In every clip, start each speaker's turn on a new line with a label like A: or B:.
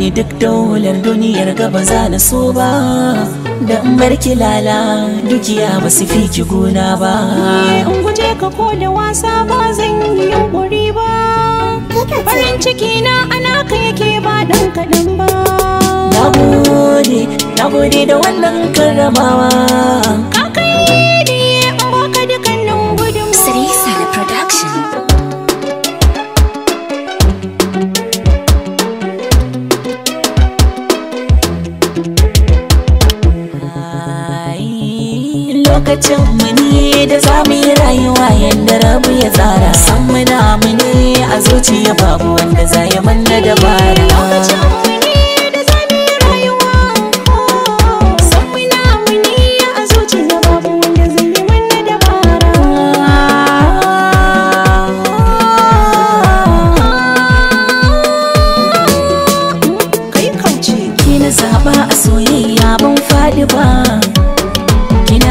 A: ne duk daular duniyar gaba za na so ba da barki lala dukiya ba su fi ki gona ba in
B: guje ka ko da wasa ba zan yi yunkuri ba farin ciki na ana ka yake ba dan kaɗan ba
A: na gode na gode da
B: wannan karramawa
A: lokacin mu ne da za mu yi rayuwa yadda rabu ya tsara san mu da mu ne a zuciya babu wanda za ya manna dabara lokacin zaɓa a soyayya ban faɗi ba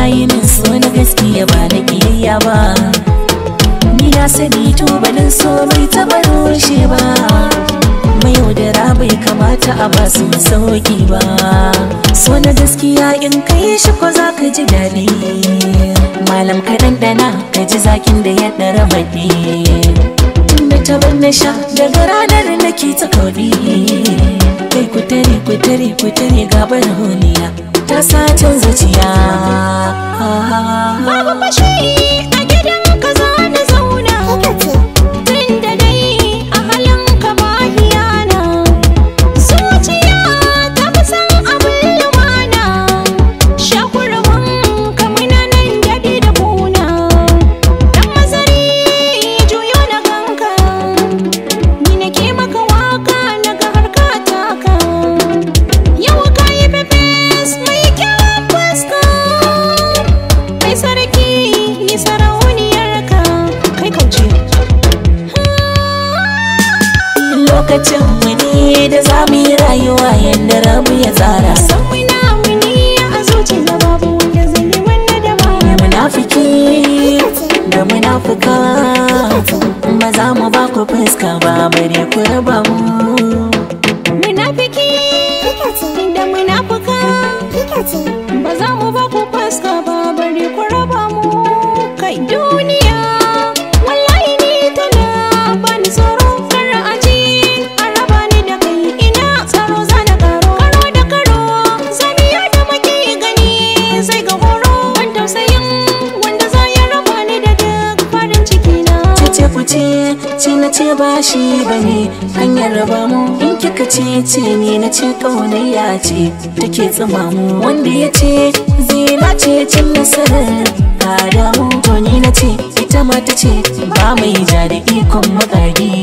A: yi min so na gaskiya ba na kiyayya ba ni na sani tubalin so bai taba rushe ba mai yaudara bai kamata a ba su masauki ba so na gaskiya in kai shi ko za ka ji daɗi malam ka ɗanɗana ka ji zakin da ya ɗara baɗi na ta na sha daga ranar nake ta kauri kai kutare kutare kutare gabar ta sacin zuciya babu fashi yadda rabu ya tsara sauna wani a zuciya babu wanda zan yi wanda da ba munafiki da munafuka ba mu ba ku fuska ne bare ku raba mu ce na ce ba shi ba ne hanyar raba mu in kika ce ce ne na ce ya ce take tsima mu wanda ya ce na ce cin nasarar adamu to ni na ce ita ma ta ce ba mai ja da ikon magagi